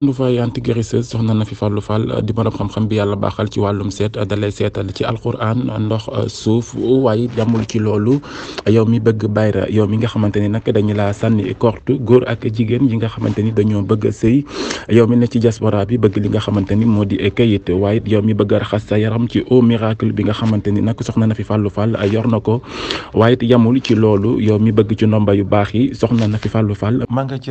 lu fay anti guérisseuse soxna na fi fàllu fal euh, di borom xam-xam bi yàlla baaxal ci wàllum seet euh, dalay seetal ci alquran euh, ndox suuf waaye yamul ci loolu yaw mi bëgg bayra yow mi nga xamante ni nag dañu laa sànni korte góor ak jigéen yi nga xamante ni dañoo bëgg a sëy yow mi ne ci diaspora bi bëgg li nga xamante ni moo di kayit waaye yow mi bëgg a raxas sa yaram ci au miracle bi nga xamante ni nag soxna na fi fàllu fal yor na ko waaye yamul ci loolu yow mi bëgg ci ndomba yu baax yi soxna na fi fàllu fal ma nga ci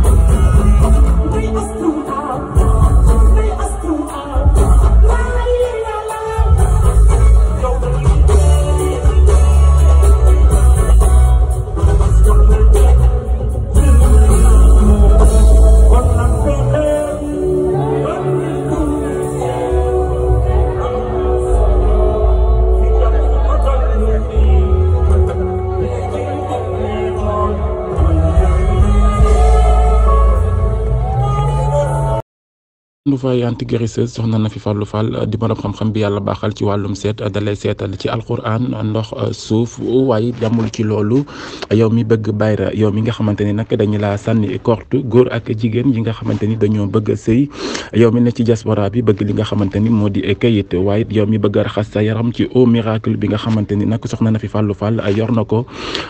Louvain anti guérisseuse soxna na fi fàllu fàll di borom xam-xam bi yàlla baaxal ci wàllum seet dalay seetal ci alquran ndox euh, suuf waaye yamul ci loolu yow mi bëgg bayra yow mi nga xamante ni nag dañu laa sànni korte góor ak jigéen yi nga xamante ni dañoo bëgg a sëy yow mi ne ci diaspora bi bëgg li nga xamante ni moo di kayit waaye yow mi bëgg a raxas sa yaram ci au miracle bi nga xamante ni nag soxna na na ko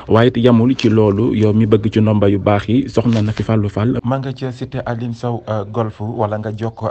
waaye yamul ci loolu yow mi bëgg ci ndomba yu baax yi soxna na fi fàllu fàll ma nga ci cité Aline euh, golf wala nga jokko